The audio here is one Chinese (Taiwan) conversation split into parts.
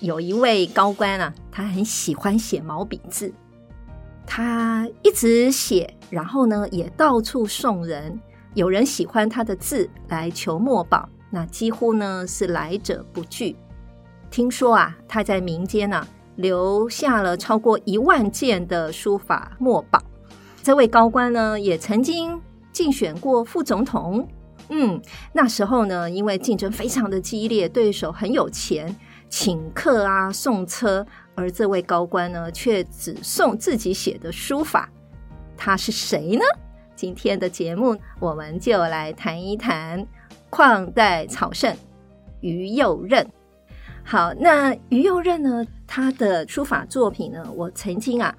有一位高官啊，他很喜歡寫毛筆字，他一直寫，然後呢也到處送人。有人喜歡他的字來求墨寶，那幾乎呢是來者不拒。聽說啊，他在民間啊，留下了超過一萬件的書法墨寶。這位高官呢也曾經競選過副總統，嗯，那時候呢因為競爭非常的激烈，對手很有錢。請客啊，送車，而這位高官呢，卻只送自己寫的書法。他是誰呢？今天的節目，我們就來談一談曠代草聖於右任。好，那於右任呢，他的書法作品呢，我曾經啊，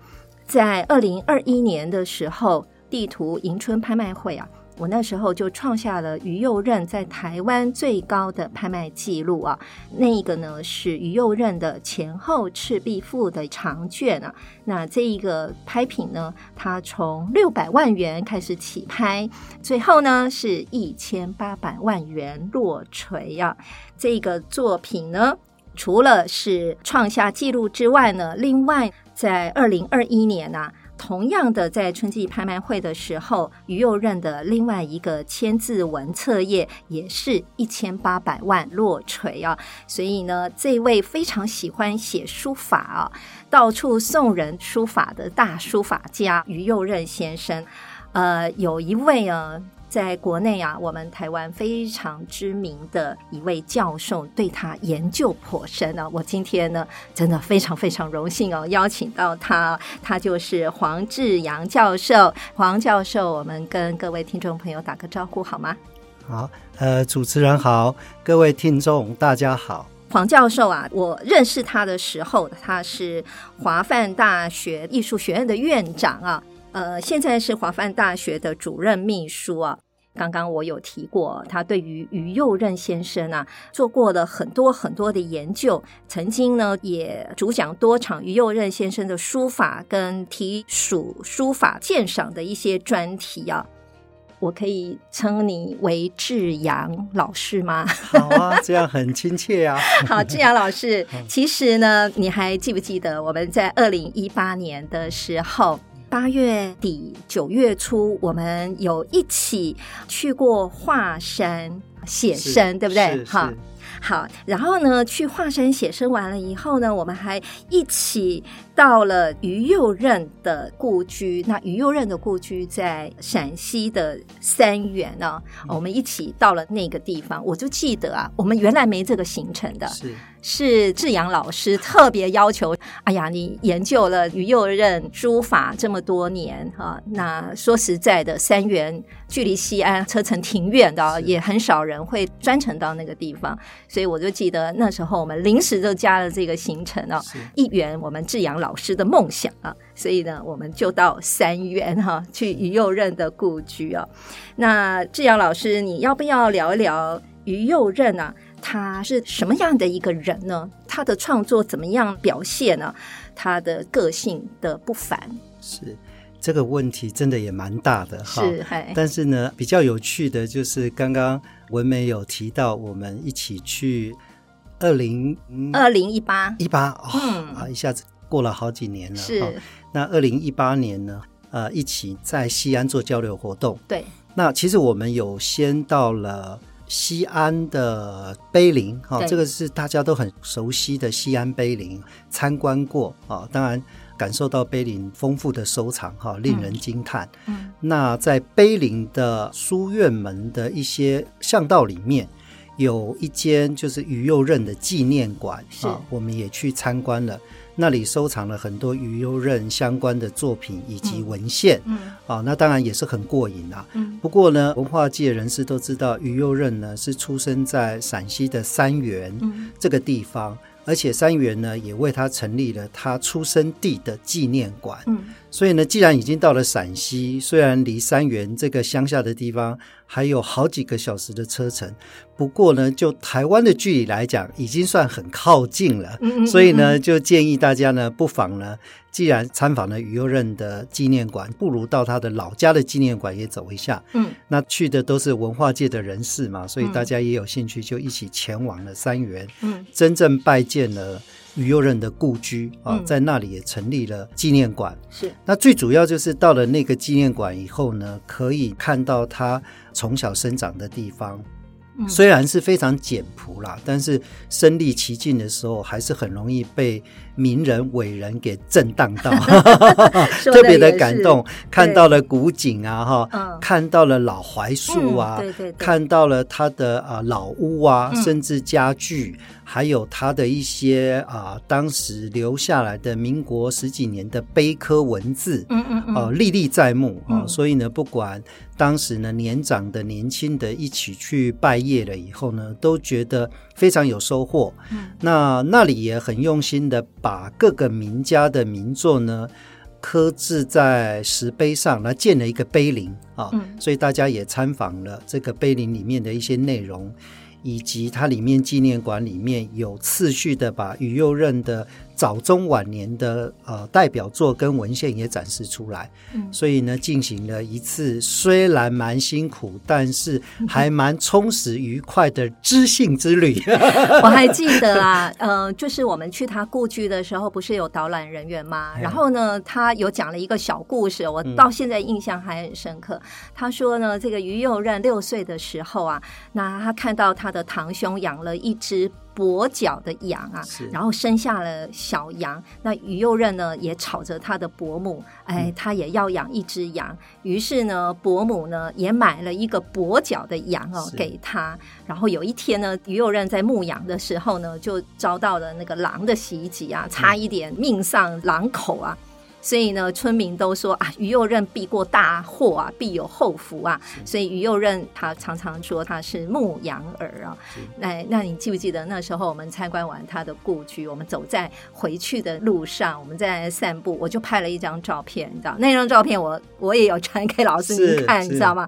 在二零二一年的時候，地圖迎春拍賣會啊。我那時候就創下了於右任在台灣最高的拍賣記錄啊！那個呢是於右任的前後赤壁賦的長卷啊。那這一個拍品呢，它從六百萬元開始起拍，最後呢是一千八百萬元落槌啊。這個作品呢，除了是創下紀錄之外呢，另外在二零二一年啊。同樣的，在春季拍賣會的時候，於右任的另外一個千字文冊頁也是一千八百萬落槌啊。所以呢，這位非常喜歡寫書法啊，到處送人書法的大書法家於右任先生，呃，有一位啊。在國內啊，我們台灣非常知名的一位教授對他研究頗深呢、啊。我今天呢，真的非常非常榮幸哦，邀請到他，他就是黃智陽教授。黃教授，我們跟各位聽眾朋友打個招呼好嗎？好，呃，主持人好，各位聽眾大家好。黃教授啊，我認識他的時候，他是華梵大學藝術學院的院長啊。呃，現在是華梵大學的主任秘書啊。剛剛我有提過，他對於於右任先生啊，做過了很多很多的研究，曾經呢也主講多場於右任先生的書法跟題署書法鑑賞的一些專題啊。我可以稱你為智陽老師嗎？ 好啊，這樣很親切啊 好，智陽老師，其實呢，你還記不記得我們在二零一八年的時候？八月底九月初，我們有一起去過華山寫生，是對不對？哈，好。然後呢，去華山寫生完了以後呢，我們還一起到了於右任的故居。那於右任的故居在陝西的三原呢、哦，嗯、我們一起到了那個地方。我就記得啊，我們原來沒這個行程的。是是智陽老師特別要求，哎呀，你研究了於右任書法這麼多年哈、啊，那說實在的，三原距離西安車程挺遠的，也很少人會專程到那個地方，所以我就記得那時候我們臨時就加了這個行程哦。是一圓，我們智陽老師的夢想啊，所以呢，我們就到三原哈、啊，去於右任的故居啊。那智陽老師，你要不要聊一聊於右任啊？他是什麼樣的一個人呢？是他的創作怎麼樣表現呢？他的個性的不凡。是，這個問題真的也蠻大的哈。但是呢，比較有趣的就是剛剛文玫有提到，我們一起去二零二零一八一八，啊，一下子過了好幾年了。是。那二零一八年呢，呃，一起在西安做交流活動。對，那其實我們有先到了。西安的碑林，哈、哦，對這個是大家都很熟悉的西安碑林，參觀過啊、哦，當然感受到碑林豐富的收藏，哈、哦，令人驚嘆。嗯、那在碑林的書院門的一些巷道裡面，有一間就是於右任的紀念館啊是、哦，我們也去參觀了。那裡收藏了很多於右任相關的作品以及文獻，啊、嗯哦，那當然也是很過癮啊。嗯、不過呢，文化界人士都知道，於右任呢是出生在陝西的三原這個地方，嗯、而且三原呢也為他成立了他出生地的紀念館。嗯所以呢，既然已經到了陝西，雖然離三原這個鄉下的地方還有好幾個小時的車程，不過呢，就台灣的距離來講，已經算很靠近了。嗯嗯嗯嗯，所以呢，就建議大家呢，不妨呢，既然參訪了於右任的紀念館，不如到他的老家的紀念館也走一下。嗯，嗯，嗯、那去的都是文化界的人士嘛，所以大家也有興趣，就一起前往了三原，嗯，真正拜見了。於右任的故居啊，在那裡也成立了紀念館。是、嗯，那最主要就是到了那個紀念館以後呢，可以看到他從小生長的地方，嗯、雖然是非常簡樸啦，但是身歷其境的時候，還是很容易被。名人偉人給震盪到， 也 特別的感動。看到了古井啊，對哈，看到了老槐樹啊，嗯、對對對，看到了他的啊、呃、老屋啊，甚至家具，嗯、還有他的一些啊、呃、當時留下來的民國十幾年的碑刻文字，嗯嗯哦、嗯呃，歷歷在目啊。嗯、所以呢，不管當時呢，年長的、年輕的，一起去拜謁了以後呢，都覺得非常有收穫。嗯、那那裡也很用心的。把各個名家的名作呢刻製在石碑上，來建了一個碑林啊，嗯、所以大家也參訪了這個碑林裡面的一些內容，以及它裡面紀念館裡面有次序的把於右任的。早中晚年的呃代表作跟文獻也展示出來，嗯，所以呢進行了一次雖然蠻辛苦，但是還蠻充實愉快的知性之旅。我還記得啊，嗯、 呃，就是我們去他故居的時候，不是有導覽人員嗎？嗯、然後呢，他有講了一個小故事，我到現在印象還很深刻。嗯、他說呢，這個於右任六歲的時候啊，那他看到他的堂兄養了一隻。跛腳的羊啊，是然後生下了小羊。那於右任呢，也吵着他的伯母，哎，他也要養一只羊。嗯、於是呢，伯母呢也買了一個跛腳的羊哦是給他。然後有一天呢，於右任在牧羊的時候呢，就遭到了那個狼的襲擊啊，差一點命喪狼口啊。嗯嗯所以呢，村民都說啊，於右任避過大禍啊，必有後福啊。是所以於右任他常常說他是牧羊兒啊。那是那你記不記得那時候我們參觀完他的故居，我們走在回去的路上，我們在散步，我就拍了一張照片，你知道那張照片我我也有傳給老師你看，你知道嗎？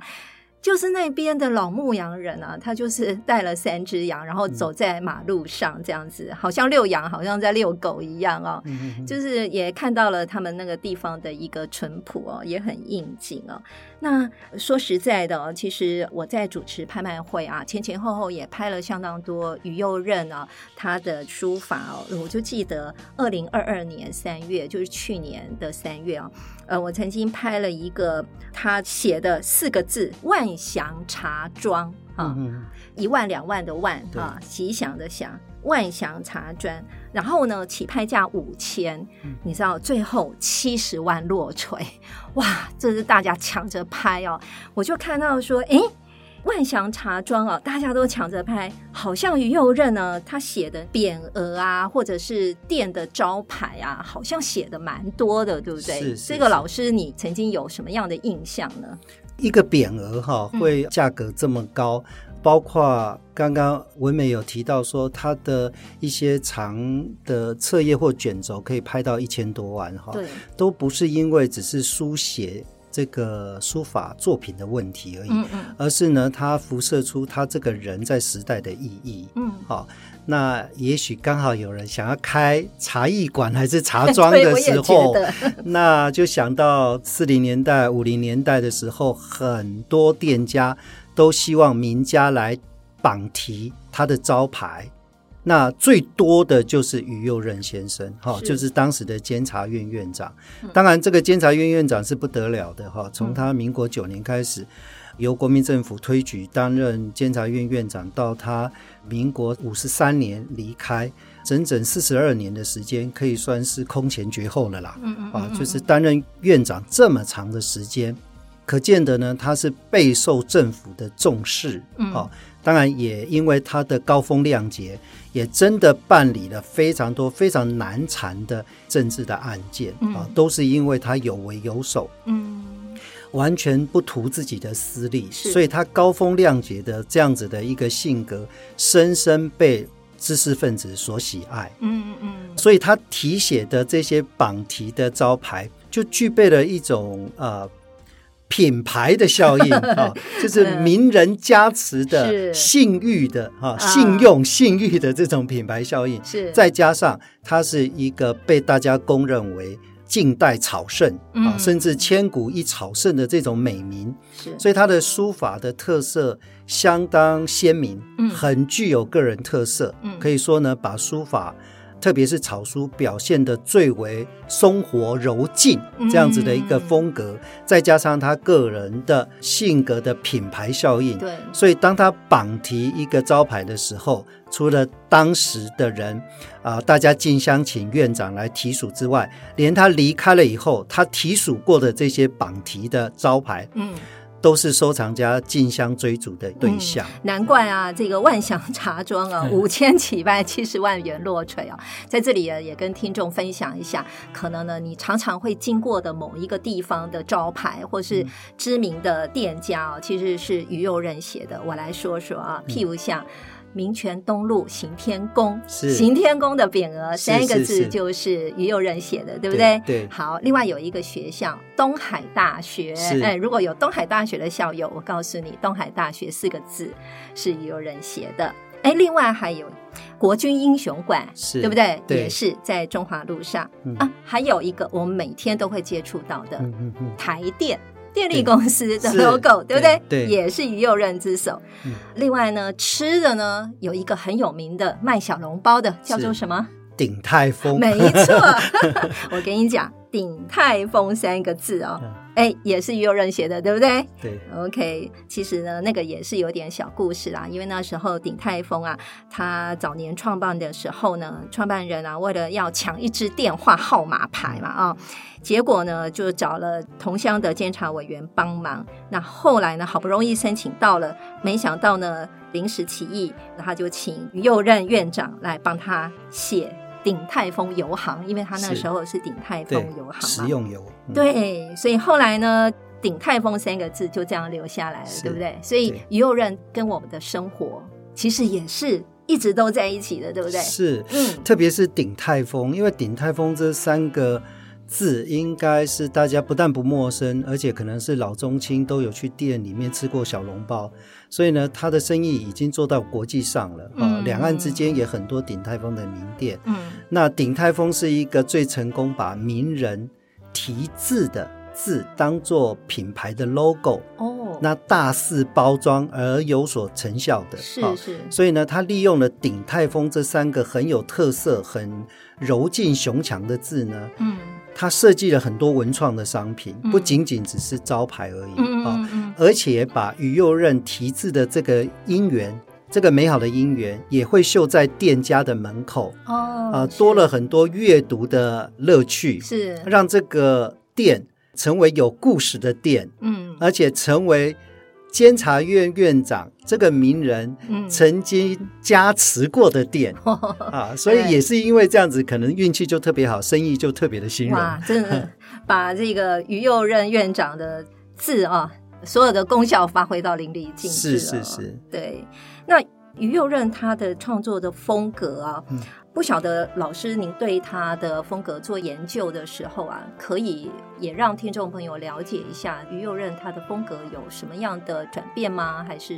就是那邊的老牧羊人啊，他就是帶了三隻羊，然後走在馬路上，這樣子，好像遛羊，好像在遛狗一樣哦。嗯、哼哼就是也看到了他們那個地方的一個淳樸哦，也很應景哦。那說實在的哦，其實我在主持拍賣會啊，前前後後也拍了相當多於右任啊、哦、他的書法哦，我就記得二零二二年三月，就是去年的三月啊、哦。呃，我曾經拍了一個他寫的四個字“萬祥茶莊”啊，嗯、一萬兩萬的萬對啊，吉祥的祥，萬祥茶莊。然後呢，起拍價五千，你知道最後七十萬落槌，哇，這是大家搶着拍哦。我就看到說，誒、欸。萬祥茶莊啊，大家都搶着拍，好像於右任呢、啊，他寫的匾額啊，或者是店的招牌啊，好像寫的蠻多的，對不對？是是是，這個老師，你曾經有什麼樣的印象呢？一個匾額哈、哦，會價格這麼高，嗯、包括剛剛文玫有提到說，他的一些長的冊頁或卷軸可以拍到一千多萬哈、哦，對，都不是因為只是書寫這個書法作品的問題而已，嗯嗯，而是呢，它輻射出他這個人在時代的意義。嗯，好、哦，那也許剛好有人想要開茶藝館還是茶莊的時候，那就想到四零年代、五零年代的時候，很多店家都希望名家來榜題他的招牌。那最多的就是於右任先生，哈、是、哦，就是當時的監察院院長。嗯、當然，這個監察院院長是不得了的，哈、哦。從他民國九年開始，嗯、由國民政府推舉擔任監察院院長，到他民國五十三年離開，整整四十二年的時間，可以算是空前絕後了啦。嗯嗯嗯嗯、啊，就是擔任院長這麼長的時間，可見得呢，他是備受政府的重視。哦、嗯。啊，當然也因為他的高風亮節。也真的辦理了非常多非常難纏的政治的案件，嗯、啊，都是因為他有為有守，嗯，完全不圖自己的私利，是所以他高風亮節的這樣子的一個性格，深深被知識分子所喜愛，嗯嗯嗯，嗯嗯所以他題寫的這些榜題的招牌，就具備了一種呃。品牌的效應 啊，就是名人加持的信譽 是的哈、啊、信用信譽的這種品牌效應， 是再加上它是一個被大家公認為近代草聖啊，嗯、甚至千古一草聖的這種美名，是所以他的書法的特色相當鮮明，很具有個人特色，嗯、可以說呢，把書法。特別是草書表現得最為鬆活柔靜這樣子的一個風格，嗯、再加上他個人的性格的品牌效應，對，所以當他榜題一個招牌的時候，除了當時的人啊、呃，大家競相請院長來題署之外，連他離開了以後，他題署過的這些榜題的招牌，嗯。都是收藏家競相追逐的對象，嗯，難怪啊！這個萬祥茶莊啊，五千七百七十萬元落槌啊。對在這裡也也跟聽眾分享一下，可能呢，你常常會經過的某一個地方的招牌，或是知名的店家其實是於右任寫的，我來說說啊，譬如像，嗯民權東路行天宮，行天宮是的匾額三個字就是於右任寫的，對不對？對。對好，另外有一個學校，東海大學是誒。如果有東海大學的校友，我告訴你，東海大學四個字是於右任寫的誒。另外還有國軍英雄館，是對不對？對。也是在中華路上，嗯、啊，還有一個我們每天都會接觸到的，嗯、哼哼台電。電力公司的 logo 對，對不對？對，對也是於右任之手。嗯、另外呢，吃的呢，有一個很有名的賣小籠包的叫做什麼？鼎泰豐。沒錯， 我跟你講。鼎泰豐三個字哦，哎，也是於右任寫的，對不對？對，OK。其實呢，那個也是有點小故事啦。因為那時候鼎泰豐啊，他早年創辦的時候呢，創辦人啊，為了要搶一支電話號碼牌嘛，啊、哦，結果呢，就找了同鄉的監察委員幫忙。那後來呢，好不容易申請到了，沒想到呢，臨時起意，他就請於右任院長來幫他寫。鼎泰豐油行，因為他那時候是鼎泰豐油行食用油，嗯、對，所以後來呢，鼎泰豐三個字就這樣留下來了，是對不對？所以於右任跟我們的生活其實也是一直都在一起的，對不對？是，嗯，特別是鼎泰豐，因為鼎泰豐這三個。字應該是大家不但不陌生，而且可能是老中青都有去店裡面吃過小籠包，所以呢，他的生意已經做到國際上了啊。嗯、哦、兩岸之間也很多鼎泰豐的名店。嗯，那鼎泰豐是一個最成功把名人題字的字當做品牌的 logo 哦，那大肆包裝而有所成效的。是是，哦、所以呢，他利用了鼎泰豐這三個很有特色、很柔勁雄強的字呢，嗯。他設計了很多文創的商品，不僅僅只是招牌而已啊！嗯嗯嗯嗯而且把於右任題字的這個因緣，這個美好的因緣，也會繡在店家的門口哦啊、呃，多了很多閱讀的樂趣，是讓這個店成為有故事的店，嗯，而且成為。監察院院長這個名人曾經加持過的店，嗯、 啊，所以也是因為這樣子，可能運氣就特別好，生意就特別的興隆。哇，真的 把這個於右任院長的字啊，所有的功效發揮到淋漓盡致。是是是，對。那於右任他的創作的風格啊。嗯不曉得老師您對他的風格做研究的時候啊，可以也讓聽眾朋友了解一下於右任他的風格有什麼樣的轉變嗎？還是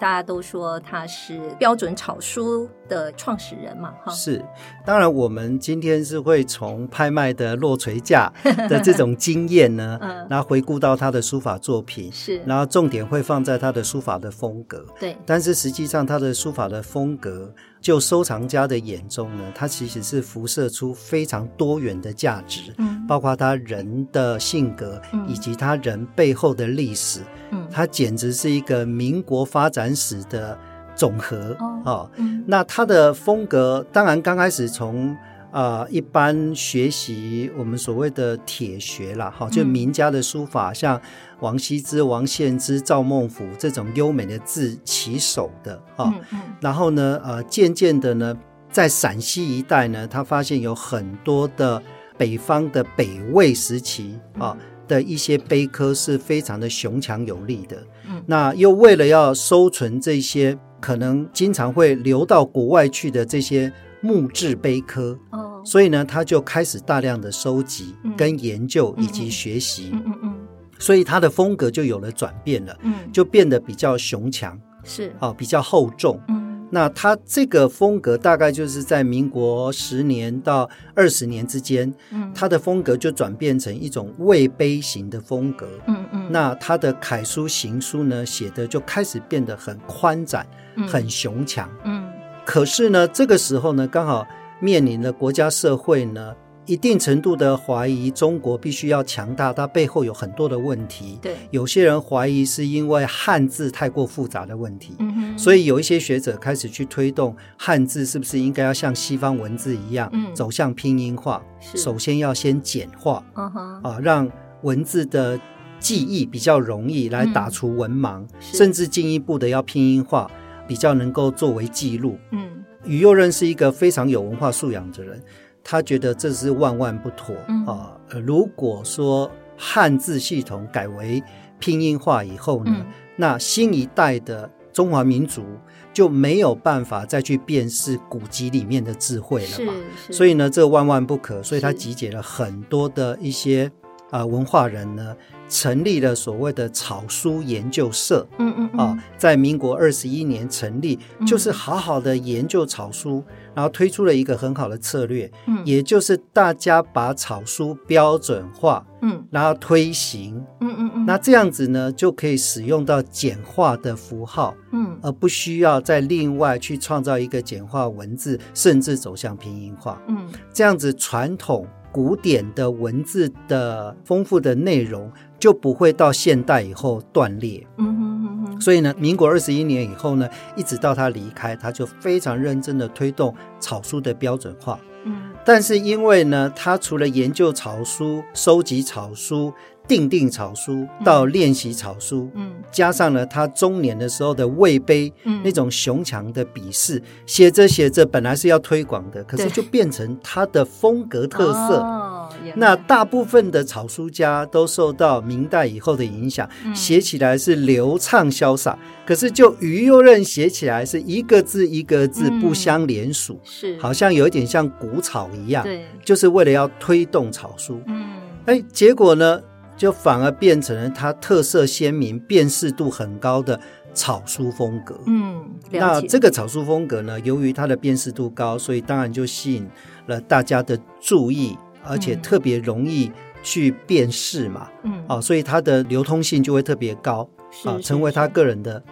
大家都說他是標準草書的創始人嘛？哈，是。當然，我們今天是會從拍賣的落槌價的這種經驗呢， 嗯、然後回顧到他的書法作品，是，然後重點會放在他的書法的風格。對，但是實際上他的書法的風格。就收藏家的眼中呢，他其實是輻射出非常多元的價值，嗯，包括他人的性格，嗯，以及他人背後的歷史，嗯，他簡直是一個民國發展史的總和，哦，哦，嗯，那他的風格當然剛開始從。呃一般學習我們所謂的帖學啦，嗯、就名家的書法，像王羲之、王獻之、趙孟頫這種優美的字起手的啊。嗯嗯、然後呢，呃，漸漸的呢，在陝西一帶呢，他發現有很多的北方的北魏時期啊的一些碑刻是非常的雄強有力的。嗯、那又為了要收存這些可能經常會流到國外去的這些。木製碑刻，嗯哦、所以呢，他就開始大量的收集、跟研究，以及學習、嗯，嗯嗯，嗯所以他的風格就有了轉變了，嗯，就變得比較雄強，是、哦、比較厚重，嗯，那他這個風格大概就是在民國十年到二十年之間，嗯，他的風格就轉變成一種魏碑型的風格，嗯嗯，嗯那他的楷書、行書呢寫的就開始變得很寬展，很雄強。嗯嗯可是呢，這個時候呢，剛好面臨了國家社會呢一定程度的懷疑。中國必須要強大，它背後有很多的問題。對，有些人懷疑是因為漢字太過複雜的問題。嗯、哼所以有一些學者開始去推動漢字是不是應該要像西方文字一樣、嗯、走向拼音化？是首先要先簡化。Uh huh、啊，讓文字的記憶比較容易、嗯、來打除文盲，嗯、甚至進一步的要拼音化。比較能夠作為記錄，嗯，於右任是一個非常有文化素養的人，他覺得這是萬萬不妥啊、嗯呃！如果說漢字系統改為拼音化以後呢，嗯、那新一代的中華民族就沒有辦法再去辨識古籍裡面的智慧了嘛？所以呢，這萬萬不可。所以他集結了很多的一些。啊、呃，文化人呢，成立了所謂的草書研究社，嗯嗯啊、嗯呃，在民國二十一年成立，就是好好的研究草書，嗯、然後推出了一個很好的策略，嗯，也就是大家把草書標準化，嗯，然後推行，嗯嗯嗯，那這樣子呢，就可以使用到簡化的符號，嗯，而不需要再另外去創造一個簡化文字，甚至走向拼音化，嗯，這樣子傳統。古典的文字的豐富的內容就不會到現代以後斷裂。嗯、哼哼。所以呢，民國二十一年以後呢，一直到他離開，他就非常認真的推動草書的標準化。嗯。但是因為呢，他除了研究草書、收集草書。訂定草書到練習草書，嗯，加上了他中年的時候的魏碑，嗯，那種雄強的筆勢，寫着寫着本來是要推廣的，可是就變成他的風格特色。哦，那大部分的草書家都受到明代以後的影響，寫起來是流暢瀟灑，可是就於右任寫起來是一個字一個字不相連屬，是好像有一點像古草一樣，對，就是為了要推動草書，嗯，哎，結果呢？就反而變成了他特色鮮明、辨識度很高的草書風格。嗯，那這個草書風格呢，由於它的辨識度高，所以當然就吸引了大家的注意，而且特別容易去辨識嘛。嗯，啊、哦，所以它的流通性就會特別高，啊，成為他個人的。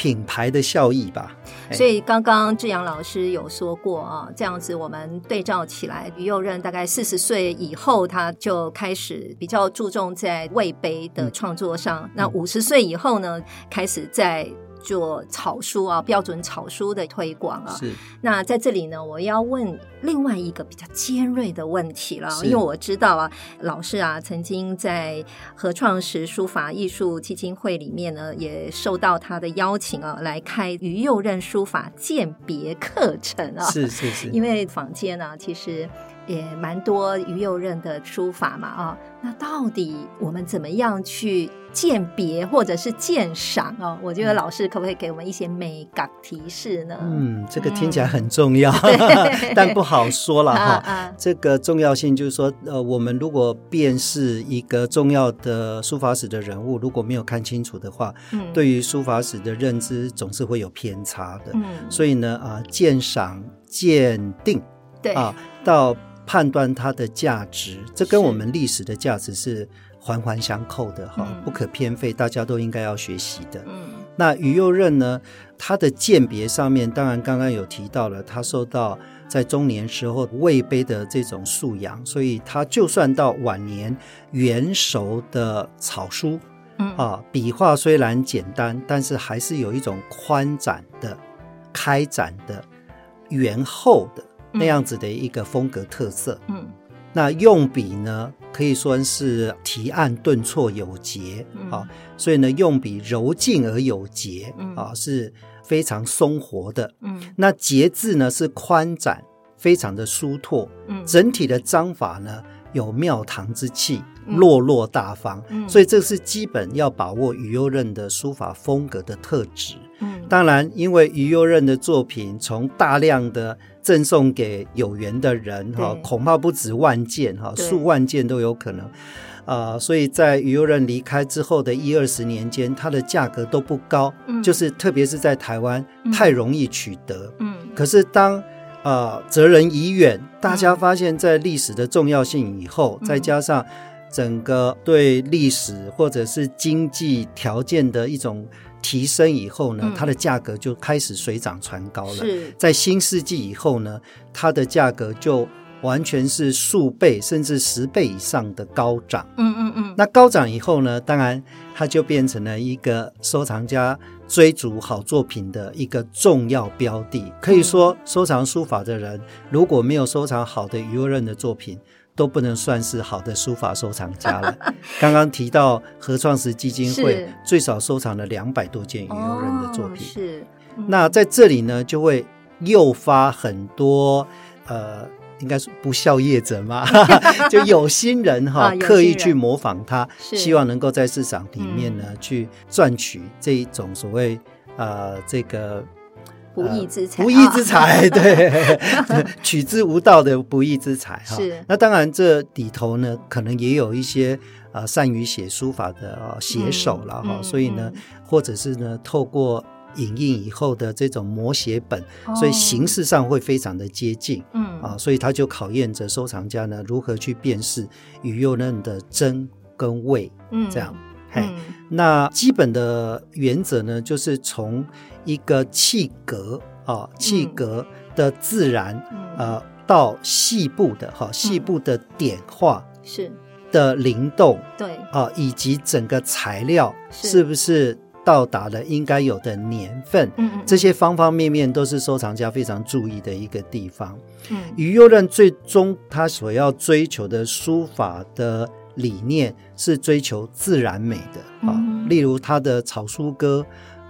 品牌的效益吧，所以剛剛智陽老師有說過啊，這樣子我們對照起來，於右任大概四十歲以後，他就開始比較注重在魏碑的創作上，嗯、那五十歲以後呢，開始在。做草書啊，標準草書的推廣啊。是。那在這裡呢，我要問另外一個比較尖銳的問題了，是因為我知道啊，老師啊曾經在何創時書法藝術基金會裡面呢，也受到他的邀請啊，來開於右任書法鑑別課程啊。是是是。因為坊間呢、啊，其實也蠻多於右任的書法嘛啊。那到底我們怎麼樣去鑑別或者是鑑賞哦，我覺得老師可不可以給我們一些美感提示呢？嗯，這個聽起來很重要，嗯、但不好說了哈。 啊啊、這個重要性就是說，呃，我們如果辨識一個重要的書法史的人物，如果沒有看清楚的話，嗯、對於書法史的認知總是會有偏差的。嗯，所以呢，啊、呃，鑑賞、鑑定，對啊，到判斷它的價值，這跟我們歷史的價值是。環環相扣的哈，嗯、不可偏廢，大家都應該要學習的。嗯，那於右任呢？他的鑑別上面，當然剛剛有提到了，他受到在中年時候魏碑的這種素養，所以他就算到晚年元熟的草書，嗯、啊，筆畫雖然簡單，但是還是有一種寬展的、開展的、圓厚的、嗯、那樣子的一個風格特色。嗯，那用筆呢？可以說是提按頓挫有節啊、嗯哦，所以呢，用筆柔勁而有節啊、嗯哦，是非常鬆活的。嗯，那結字呢是寬展，非常的舒拓。嗯，整體的章法呢有廟堂之氣，嗯、落落大方。嗯、所以這是基本要把握於右任的書法風格的特質。嗯，當然，因為於右任的作品從大量的贈送給有緣的人哈對、哦，恐怕不止萬件哈，數萬件都有可能啊對、呃。所以在於右任離開之後的一二十年間，它的價格都不高，嗯、就是特別是在台灣、嗯、太容易取得。嗯，可是當啊、呃、哲人已遠，大家發現，在歷史的重要性以後，嗯、再加上。整個對歷史或者是經濟條件的一種提升以後呢，嗯、它的價格就開始水漲船高了。是在新世紀以後呢，它的價格就完全是數倍甚至十倍以上的高漲。嗯嗯嗯，嗯嗯那高漲以後呢，當然它就變成了一個收藏家追逐好作品的一個重要標的。可以說，嗯、收藏書法的人如果沒有收藏好的於右任的作品，都不能算是好的書法收藏家了。剛剛 提到何創時基金會最少收藏了兩百多件於右任的作品，哦、是。嗯、那在這裡呢，就會誘發很多呃，應該說不孝業者嘛， 就有心人哈、哦，啊、刻意去模仿他，啊、希望能夠在市場裡面呢是去賺取這一種所謂啊、呃、這個。呃、不義之財，哦、不義之財，對， 取之無道的不義之財哈。是、哦，那當然，這裡頭呢，可能也有一些啊、呃，善於寫書法的、哦、寫手了哈。嗯、所以呢，嗯、或者是呢，透過影印以後的這種摹寫本，哦、所以形式上會非常的接近，嗯啊、哦，所以他就考驗着收藏家呢，如何去辨識於右任的真跟偽。嗯，這樣。嘿，嗯、那基本的原則呢，就是從一個氣格啊，氣格的自然、嗯呃、的啊，到細部的哈，細部的點畫，是、嗯、的靈動，對啊，以及整個材料是不是到達了應該有的年份，嗯是，這些方方面面都是收藏家非常注意的一個地方。嗯，於右任最終他所要追求的書法的理念，是追求自然美的啊，例如他的草書歌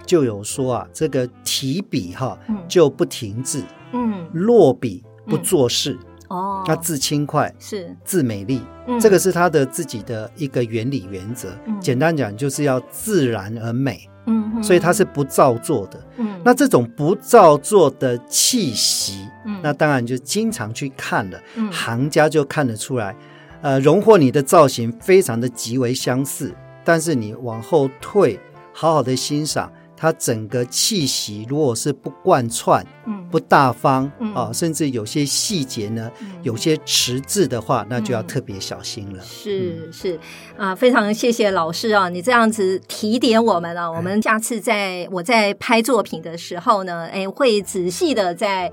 就有說啊，這個提筆哈就不停滯，嗯，落筆不作勢。哦，他自輕快是自美麗，這個是他的自己的一個原理原則。簡單講就是要自然而美，所以他是不造作的，嗯，那這種不造作的氣息，那當然就經常去看了，行家就看得出來。呃，榮獲你的造型非常的極為相似，但是你往後退，好好的欣賞它整個氣息，如果是不貫穿，嗯，不大方啊，呃嗯、甚至有些細節呢，嗯、有些遲滯的話，那就要特別小心了。嗯、是是啊、呃，非常謝謝老師啊，你這樣子提點我們了、啊，我們下次在我在拍作品的時候呢，哎，會仔細的在。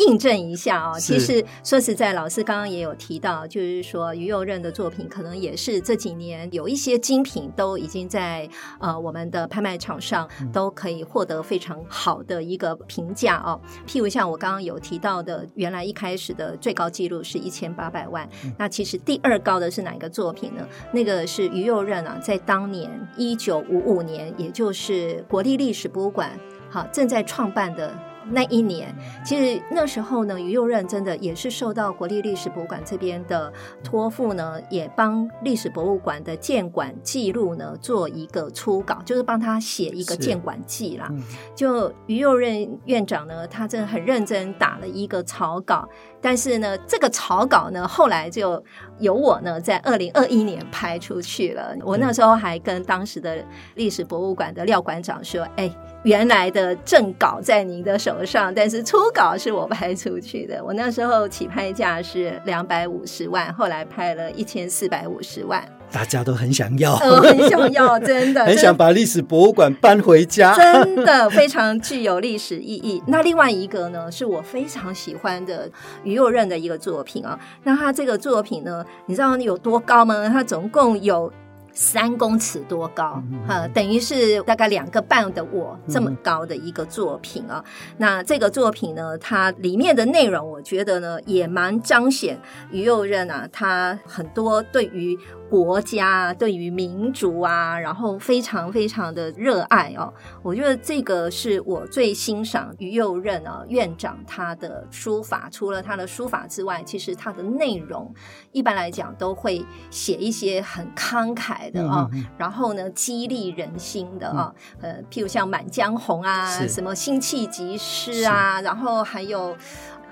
印證一下哦，是其實說實在，老師剛剛也有提到，就是說於右任的作品，可能也是這幾年有一些精品都已經在呃我們的拍賣場上都可以獲得非常好的一個評價哦。譬、嗯、如像我剛剛有提到的，原來一開始的最高紀錄是一千八百萬，嗯、那其實第二高的是哪一個作品呢？那個是於右任啊，在當年一九五五年，也就是國立歷史博物館好、啊、正在創辦的。那一年，其實那時候呢，於右任真的也是受到國立歷史博物館這邊的托付呢，也幫歷史博物館的建館記錄呢做一個初稿，就是幫他寫一個建館記啦。嗯、就於右任院長呢，他真的很認真打了一個草稿，但是呢，這個草稿呢後來就由我呢，在二零二一年拍出去了。對我那時候還跟當時的歷史博物館的廖館長說：“哎。”原來的正稿在您的手上，但是初稿是我拍出去的。我那時候起拍價是兩百五十萬，後來拍了一千四百五十萬，大家都很想要，我、 呃、很想要，真的，真的很想把歷史博物館搬回家， 真的非常具有歷史意義。那另外一個呢，是我非常喜歡的於右任的一個作品啊、哦。那他這個作品呢，你知道有多高嗎？它總共有。三公尺多高呃，等於是大概兩個半的我這麼高的一個作品啊。那這個作品呢，它裡面的內容，我覺得呢也蠻彰顯於右任啊，他很多對於國家、對於民族啊，然後非常非常的熱愛哦。我覺得這個是我最欣賞於右任啊院長他的書法。除了他的書法之外，其實他的內容一般來講都會寫一些很慷慨。來的啊，嗯嗯、然後呢，激勵人心的啊、哦，嗯、呃，譬如像《滿江紅》啊，是什麼辛棄疾詩啊，是然後還有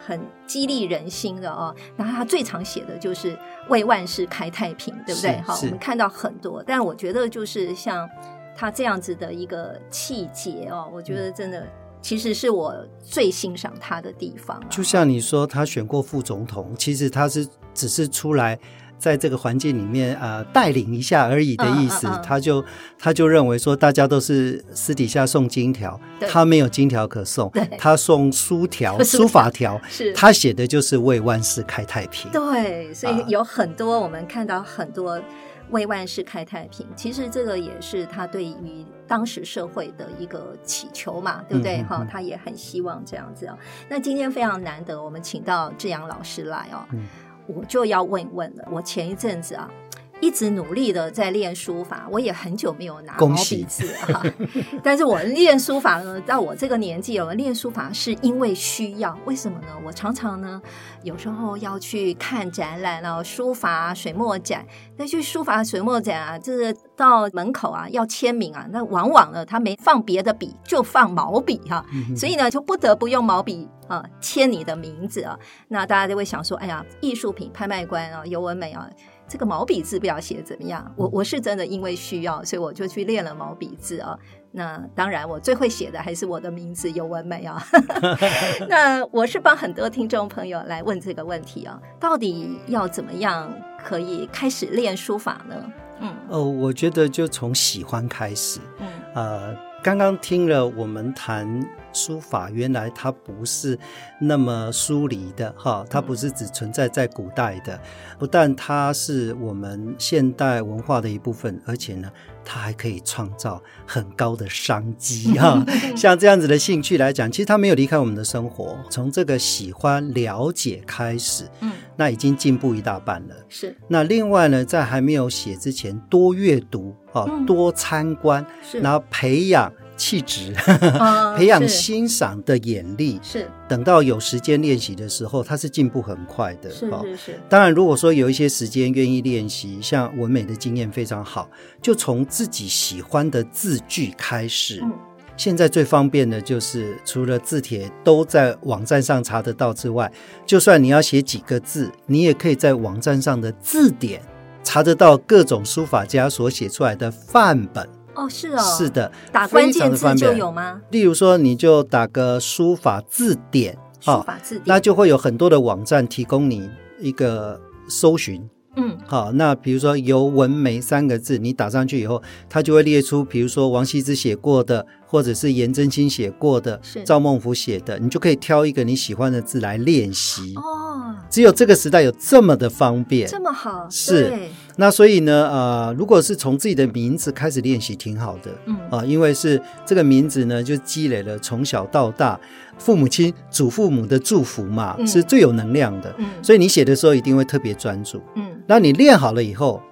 很激勵人心的啊、哦，然後他最常寫的就是為萬世開太平，是對不對？好是、哦，我們看到很多，是但我覺得就是像他這樣子的一個氣節哦，我覺得真的、嗯、其實是我最欣賞他的地方、啊。就像你說，他選過副總統，其實他是只是出來。在這個環境裡面，呃，帶領一下而已的意思，嗯嗯嗯、他就他就認為說，大家都是私底下送金條，對他沒有金條可送，對他送書條、書法條，是，他寫的就是為萬世開太平。對，所以有很多、呃、我們看到很多為萬世開太平，其實這個也是他對於當時社會的一個祈求嘛，對不對？哈、嗯，嗯、他也很希望這樣子。那今天非常難得，我們請到智陽老師來哦。嗯我就要問一問了，我前一陣子啊，一直努力的在練書法，我也很久沒有拿毛筆字哈恭喜、 啊。但是我練書法呢，到我這個年紀了，練書法是因為需要。為什麼呢？我常常呢，有時候要去看展覽了、啊，書法水墨展。那去書法水墨展啊，就是到門口啊，要簽名啊。那往往呢，他沒放別的筆，就放毛筆哈、啊。嗯、哼所以呢，就不得不用毛筆啊簽你的名字啊。那大家就會想說，哎呀，藝術品拍賣官啊，游文玫啊。這個毛筆字不知道寫的怎麼樣，我我是真的因為需要，所以我就去練了毛筆字啊、哦。那當然，我最會寫的還是我的名字游文玫啊、哦。 那我是幫很多聽眾朋友來問這個問題啊、哦，到底要怎麼樣可以開始練書法呢？嗯，哦，我覺得就從喜歡開始。嗯，呃，剛剛聽了我們談。書法原來它不是那麼疏離的哈，它不是只存在在古代的，不但它是我們現代文化的一部分，而且呢，它還可以創造很高的商機哈。 像這樣子的興趣來講，其實它沒有離開我們的生活，從這個喜歡了解開始，嗯，那已經進步一大半了。是。那另外呢，在還沒有寫之前，多閱讀啊，多參觀，嗯、然後培養。氣質，培養欣賞的眼力。哦，是，等到有時間練習的時候，它是進步很快的。是是是。當然，如果說有一些時間願意練習，像文美的經驗非常好，就從自己喜歡的字句開始。嗯。現在最方便的就是，除了字帖都在網站上查得到之外，就算你要寫幾個字，你也可以在網站上的字典查得到各種書法家所寫出來的範本。哦，是哦，是的，打關鍵字就有嗎？非常方便。例如說，你就打個書法字典，書法字典，哦，那就會有很多的網站提供你一個搜尋，嗯，好，哦，那比如說“於右任”三個字，你打上去以後，它就會列出，比如說王羲之寫過的，或者是顏真卿寫過的，是趙孟頫寫的，你就可以挑一個你喜歡的字來練習。哦，只有這個時代有這麼的方便，這麼好，是。那所以呢，呃，如果是從自己的名字開始練習，挺好的，嗯，啊，因為是這個名字呢，就積累了從小到大父母親、祖父母的祝福嘛，嗯，是最有能量的，嗯，所以你寫的時候一定會特別專注，嗯，那你練好了以後。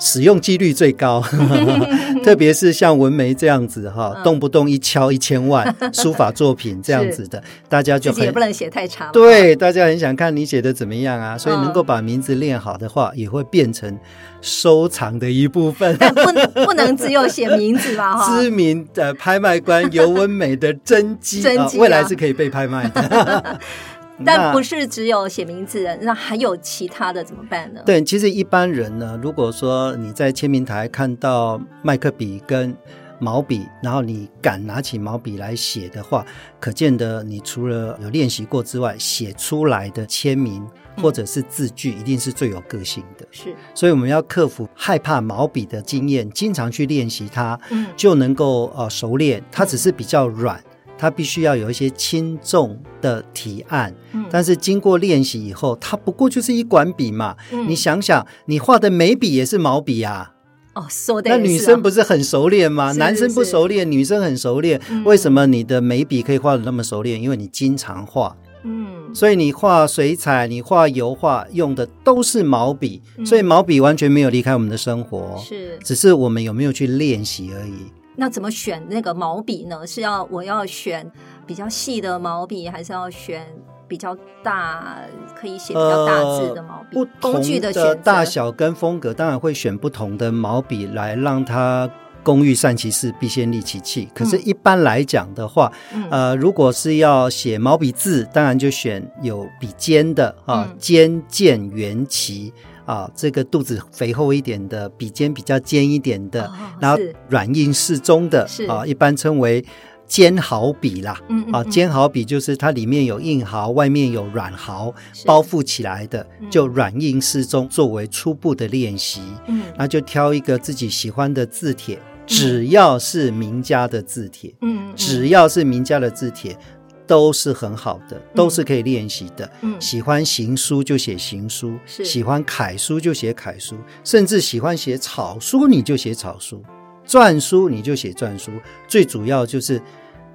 使用幾率最高，呵呵 特別是像文玫這樣子哈，嗯、動不動一敲一千萬書法作品這樣子的， 是大家就很也不能寫太長，對，大家很想看你寫得怎麼樣啊，所以能夠把名字練好的話，嗯、也會變成收藏的一部分。不， 不能只有寫名字吧？哈，知名的拍賣官游文玫的真跡、啊、未來是可以被拍賣的。 但不是只有寫名字的，那，那還有其他的怎麼辦呢？對，其實一般人呢，如果說你在簽名台看到麥克筆跟毛筆，然後你敢拿起毛筆來寫的話，可見得你除了有練習過之外，寫出來的簽名或者是字句，一定是最有個性的。是、嗯，所以我們要克服害怕毛筆的經驗，經常去練習它，嗯，就能夠呃熟練。它只是比較軟。嗯它必須要有一些輕重的提按，嗯、但是經過練習以後，它不過就是一管筆嘛。嗯、你想想，你畫的眉筆也是毛筆啊？哦，的那女生不是很熟練嗎？是是男生不熟練，是是女生很熟練。嗯、為什麼你的眉筆可以畫得那麼熟練？因為你經常畫。嗯，所以你畫水彩，你畫油畫用的都是毛筆，嗯、所以毛筆完全沒有離開我們的生活。是，只是我們有沒有去練習而已。那怎麼選那個毛筆呢？是要我要選比較細的毛筆，還是要選比較大可以寫比較大字的毛筆？呃、工具的選擇大小跟風格，當然會選不同的毛筆來讓它工欲善其事，必先利其器。可是，一般來講的話，嗯、呃，如果是要寫毛筆字，當然就選有筆尖的啊，嗯、尖健圓齊。啊，這個肚子肥厚一點的，筆尖比較尖一點的，oh, 然後軟硬適中的，是啊，是一般稱為兼毫筆啦。嗯，嗯，嗯啊，兼毫筆就是它裡面有硬毫，外面有軟毫是包覆起來的，就軟硬適中，嗯、作為初步的練習。嗯，那就挑一個自己喜歡的字帖，只要是名家的字帖，嗯，只要是名家的字帖。嗯嗯都是很好的，都是可以練習的。嗯，喜歡行書就寫行書，是喜歡楷書就寫楷書，甚至喜歡寫草書你就寫草書，篆書你就寫篆書。最主要就是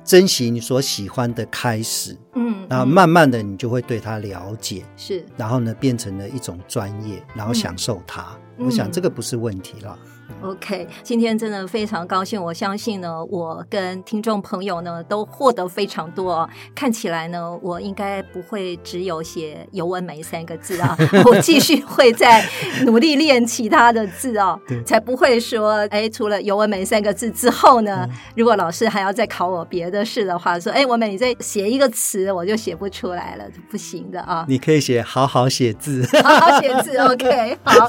珍惜你所喜歡的開始，嗯，然後慢慢的你就會對它了解，是，然後呢變成了一種專業，然後享受它。嗯，我想這個不是問題啦。OK，今天真的非常高興，我相信呢，我跟聽眾朋友呢都獲得非常多，哦。看起來呢，我應該不會只有寫“游文玫”三個字啊， 我繼續會再努力練其他的字哦，對才不會說，哎、欸，除了“游文玫”三個字之後呢，嗯、如果老師還要再考我別的事的話，說，哎、欸，文玫，你再寫一個詞，我就寫不出來了，不行的啊。你可以寫“好好寫字”， 好好寫字。OK，好，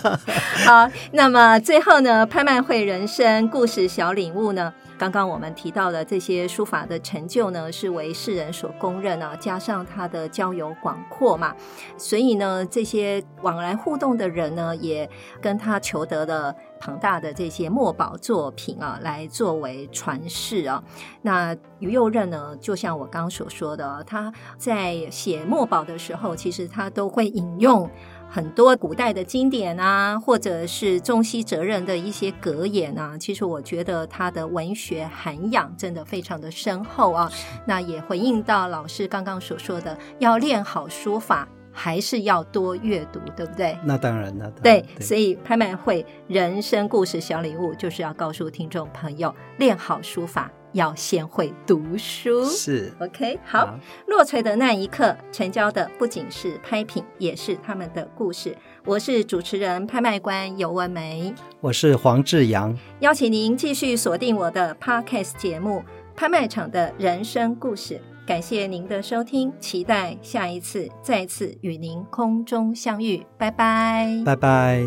好，那麼最後呢？拍賣會人生故事小領悟呢？剛剛我們提到的這些書法的成就呢，是為世人所公認啊，加上他的交友廣闊嘛，所以呢，這些往來互動的人呢，也跟他求得了龐大的這些墨寶作品啊，來作為傳世啊。那於右任呢，就像我剛剛所說的，他在寫墨寶的時候，其實他都會引用。很多古代的經典啊，或者是中西哲人的一些格言啊，其實我覺得他的文學涵養真的非常的深厚啊。是那也回應到老師剛剛所說的，要練好書法，還是要多閱讀，對不對？那當然了，那當然了，對。對。所以拍賣會人生故事小禮物就是要告訴聽眾朋友，練好書法。要先會讀書，是 OK。好，好，落錘的那一刻，成交的不僅是拍品，也是他們的故事。我是主持人、拍賣官游文玫，我是黃智陽，邀請您繼續鎖定我的 Podcast 節目《拍賣場的人生故事》。感謝您的收聽，期待下一次再次與您空中相遇。拜拜，拜拜。